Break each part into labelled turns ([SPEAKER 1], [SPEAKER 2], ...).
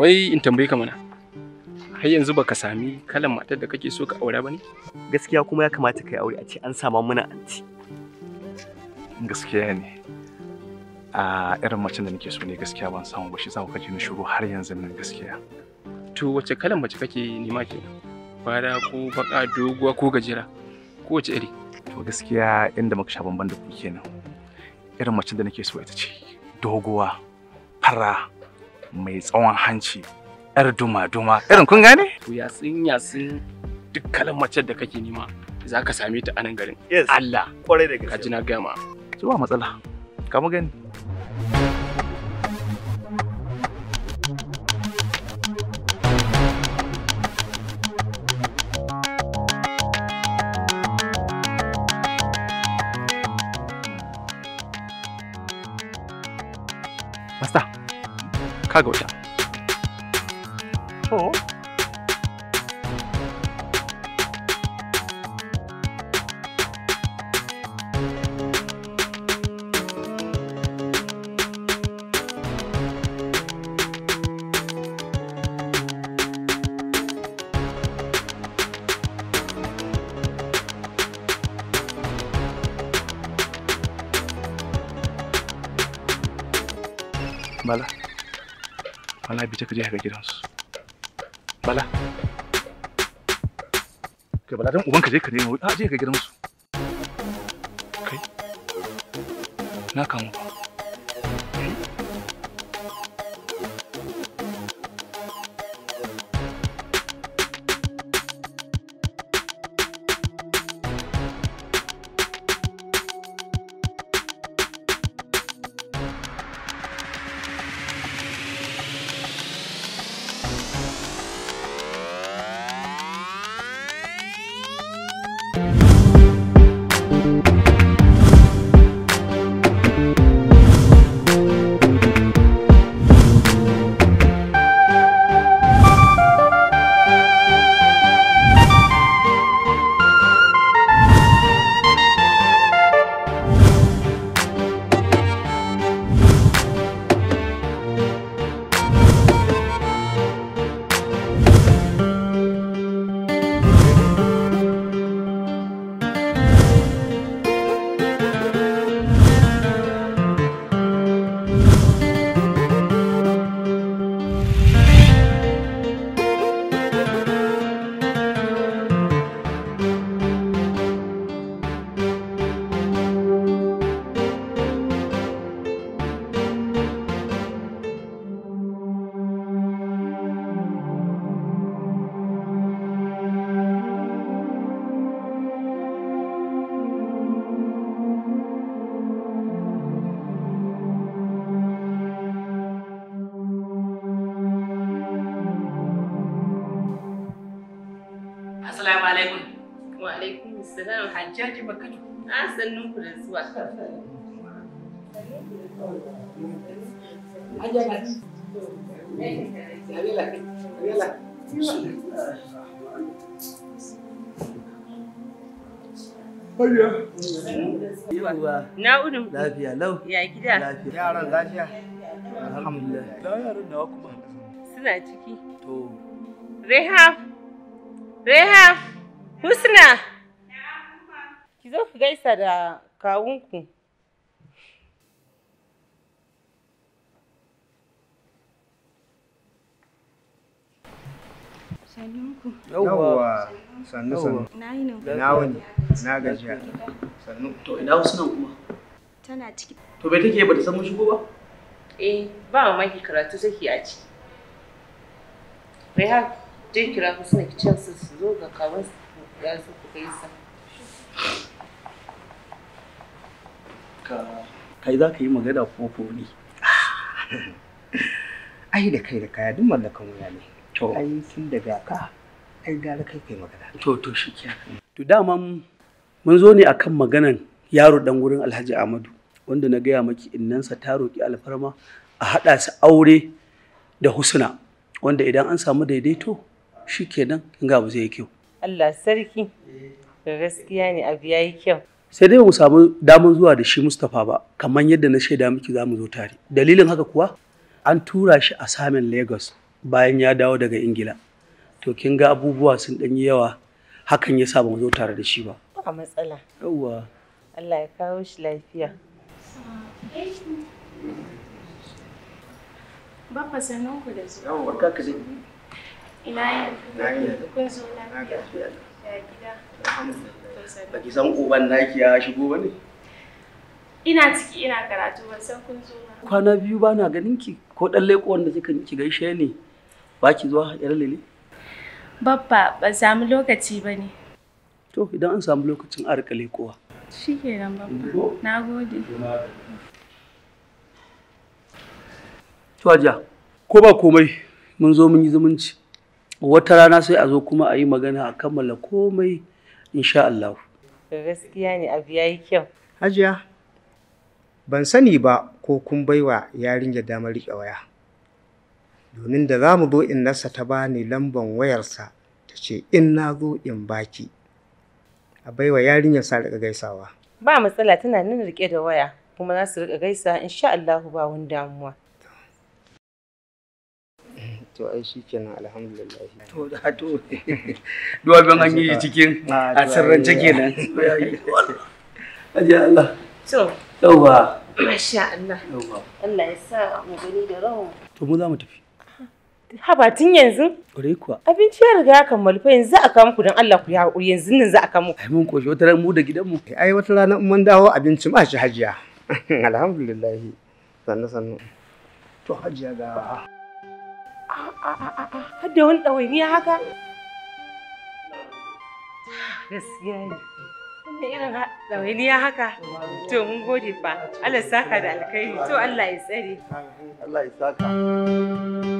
[SPEAKER 1] Wai in tambayi ka mana. Har yanzu baka sami kalan matar da
[SPEAKER 2] kake so ka aura ba ne? Gaskiya kuma ya kamata kai aure a ce an sama mana anti.
[SPEAKER 1] Gaskiya ne. A irin macen da nake so ne gaskiya ban samu ba shi sa kaje na shiru har yanzu nan gaskiya. To wace kalan mace kake nema kenan? Fara ko baka doguwa ko gajera? Ko wace iri? To gaskiya inda muka sha bamban da ku kenan. Irin macen da nake so ita ce doguwa, fara, mai tsawon hanci yar duma-duma irin kun gane? yatsun yatsun duk kalan macen da kake nema za ka same ta a nan garin Allah kwarai da gaske ka ji na gama zuwa matsala ka gani Kaguya. Oh. Vale. bi biyu ka je ka su bala kai bala dan uban ka je ka nemo a ah, je ka gidansu kai na
[SPEAKER 2] Salam Hajjaji A ah, sannun ku da zuwa. Lafiya lau. Ya gida. Yaran lafiya. Alhamdulillah. yaran nawa kuma. Suna ciki. To. Rehab. Rehab. Husna. zo ku gaisa da kawunku. Sannunku. Yawwa. Sannu sannu. Na yi nan. Na wani. Na gajiya. Sannu. To ina wasu nan kuma? Tana ciki. To bai take ba ta san mun shigo ba? Eh, ba mamaki karatu take a ciki. Rehan, jin kira ku suna kicin su zo ga kawun su ga su ku gaisa. ka kai za ka yi magana ko ko ai da kai da kaya duk mallakan wuya ne to ai sun daga ka ai gara kai kai magana to to shikenan to dama mun zo ne akan maganan yaro dan gurin Alhaji Ahmadu wanda na gaya maki innansa ta roki alfarma a haɗa su aure da husna wanda idan an samu daidaito shikenan kin ga abu zai yi kyau Allah sarki gaskiya ne abu yayi kyau sai dai mu samu damar zuwa da shi Mustapha ba kamar yadda na shaida miki za mu zo tare dalilin haka kuwa an tura shi a samin Lagos bayan ya dawo daga Ingila to kin ga abubuwa sun dan yi yawa hakan ya sa ba mu zo tare da shi ba a matsala yawwa Allah ya kawo shi lafiya sanin ka dai. Ina Baki san uban naki ya shigo ba ne? Ina ciki ina karatu ban san kun zo ba. Kwana biyu ba na ganin ki ko ɗan leƙo wanda kika ki gaishe ne ba ki zuwa yar lele? Babba ba samu lokaci ba ne. To idan an samu lokacin a rika lekowa. Shikenan kenan babba. Na gode. Tuwaja, ko ba komai mun zo mun yi zumunci. Wata rana sai a zo kuma a yi magana a kammala komai insha Allah gaskiya ne abu ya yi kyau hajiya ban sani ba ko kun baiwa yarinya damar riƙe waya domin da za mu zo in nasa ta ba ni lamban wayarsa ta ce in na zo in baki a baiwa yarinyar sa riƙa gaisawa ba matsala tana nan riƙe da waya kuma za su riƙa gaisa insha Allah ba wani damuwa to ai shikenan alhamdulillah to da to
[SPEAKER 1] duwabin an yi cikin a sirrance kenan
[SPEAKER 2] aje Allah to yawa masha Allah Allah ya sa mu gani da rawa to mu za mu tafi haba tun yanzu? Ƙure kuwa. Abinci ya riga ya kammalu fa yanzu a kawo muku don Allah ku ya hakuri yanzu nan za a kawo muku. Ai mun koshi wata mu da gidanmu. Eh, ai wata rana in mun dawo abinci ma shi hajiya. Alhamdulillah. sannan sannan To hajiya ga. Har da wani ɗawainiya haka? Gaskiya ne. irin ɗawainiya haka? To mun gode fa. Allah saka da alkhairi. To Allah ya tsare. Allah ya saka.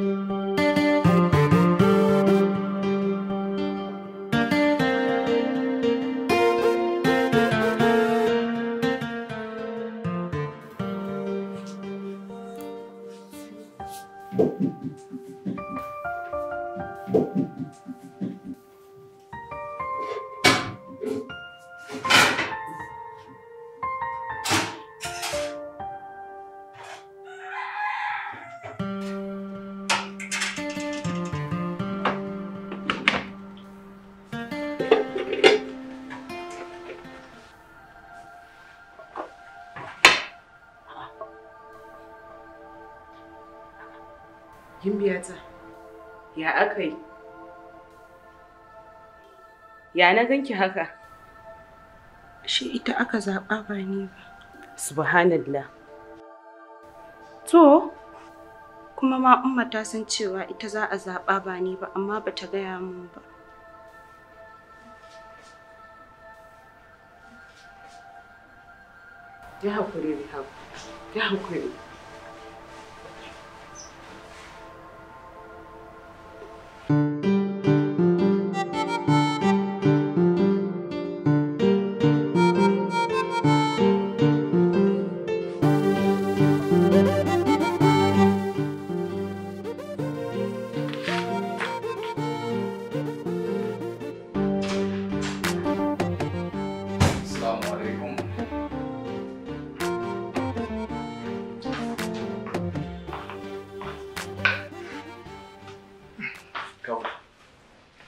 [SPEAKER 2] Gimbiata. Ya aka yi? Ya na ganki haka? Shi ita aka zaɓa ba ni ba. Subhanallah. To, kuma ma Umma ta san cewa ita za a zaɓa ba ni ba, amma ba ta gaya min ba. Ya haƙuri, ya haƙuri, ya haƙuri.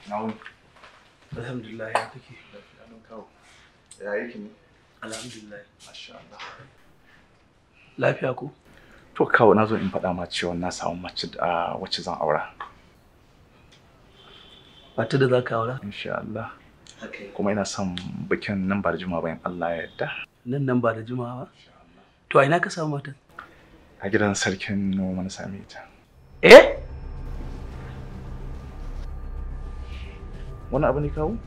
[SPEAKER 1] Na'am. Alhamdulillah ya kake. Ya yake ne? Alhamdulillah. Masha Allah. Lafiya ko? To kawo na zo in faɗa ma cewa na samu mace da ah, wacce zan aura. Mata da za ka aura? Insha Allah. Kuma ina son bikin nan ba da juma'a bayan Allah ya yarda. Nan nan ba da juma'a ba? To a ina ka samu matan? A gidan sarkin noma na same ta.
[SPEAKER 2] Eh? wani abu ne kawo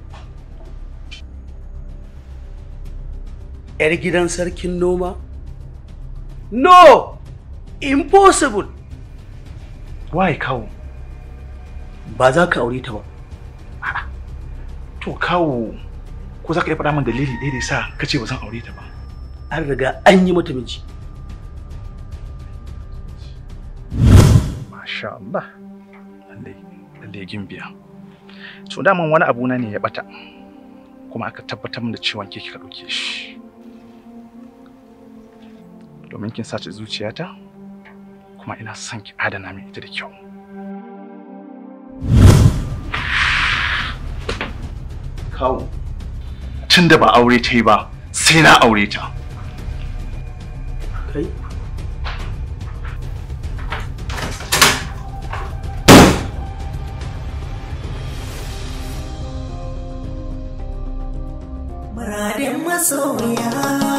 [SPEAKER 2] yar gidan sarkin noma no impossible why
[SPEAKER 1] kawo ba za ka aure ta ba to kawo ko za ka iya faɗa min dalili ɗaya da sa ka ce ba zan aure ta ba an riga an yi mata miji masha Allah lallai lallai gimbiya so daman wani abu na ne ya bata kuma aka tabbatar min da ciwon ke kika ɗauke shi domin kin sace zuciyata kuma ina son ki adana min ita da kyau kawo tunda ba aure ta yi ba sai na aure ta kai
[SPEAKER 2] muradin masoya